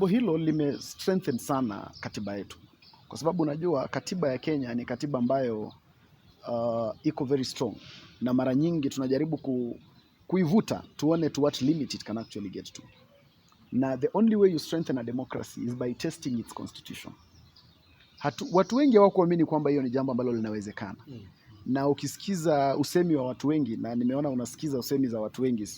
Jambo hilo limestrengthen sana katiba yetu, kwa sababu unajua katiba ya Kenya ni katiba ambayo uh, iko very strong, na mara nyingi tunajaribu ku, kuivuta tuone to what limit it can actually get to, na the only way you strengthen a democracy is by testing its constitution. Hatu, watu wengi hawakuamini kwamba hiyo ni jambo ambalo linawezekana mm -hmm. Na ukisikiza usemi wa watu wengi, na nimeona unasikiza usemi za watu wengi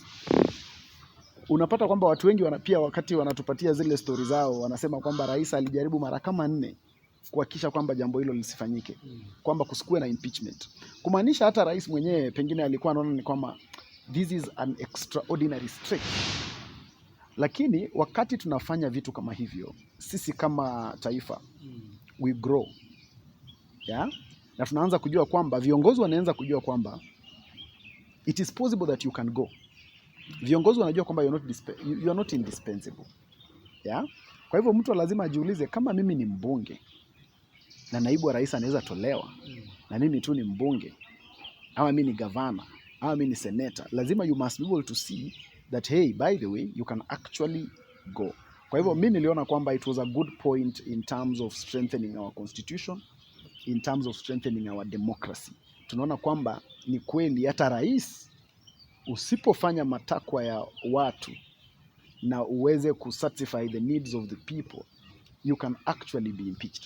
unapata kwamba watu wengi wana pia wakati wanatupatia zile stori zao wanasema kwamba rais alijaribu mara kama nne kuhakikisha kwamba jambo hilo lisifanyike, kwamba kusikue na impeachment, kumaanisha hata rais mwenyewe pengine alikuwa anaona ni kwamba this is an extraordinary stretch. Lakini wakati tunafanya vitu kama hivyo, sisi kama taifa we grow yeah? na tunaanza kujua kwamba viongozi wanaanza kujua kwamba it is possible that you can go viongozi wanajua kwamba you are not, you are not indispensable yeah? Kwa hivyo mtu lazima ajiulize kama mimi ni mbunge na naibu wa rais anaweza tolewa na mimi tu ni mbunge ama mimi ni gavana ama mimi ni seneta, lazima you must be able to see that hey, by the way you can actually go. Kwa hivyo mimi niliona kwamba it was a good point in terms of strengthening our constitution, in terms of strengthening our democracy. Tunaona kwamba ni kweli hata rais usipofanya matakwa ya watu na uweze kusatisfy the needs of the people you can actually be impeached.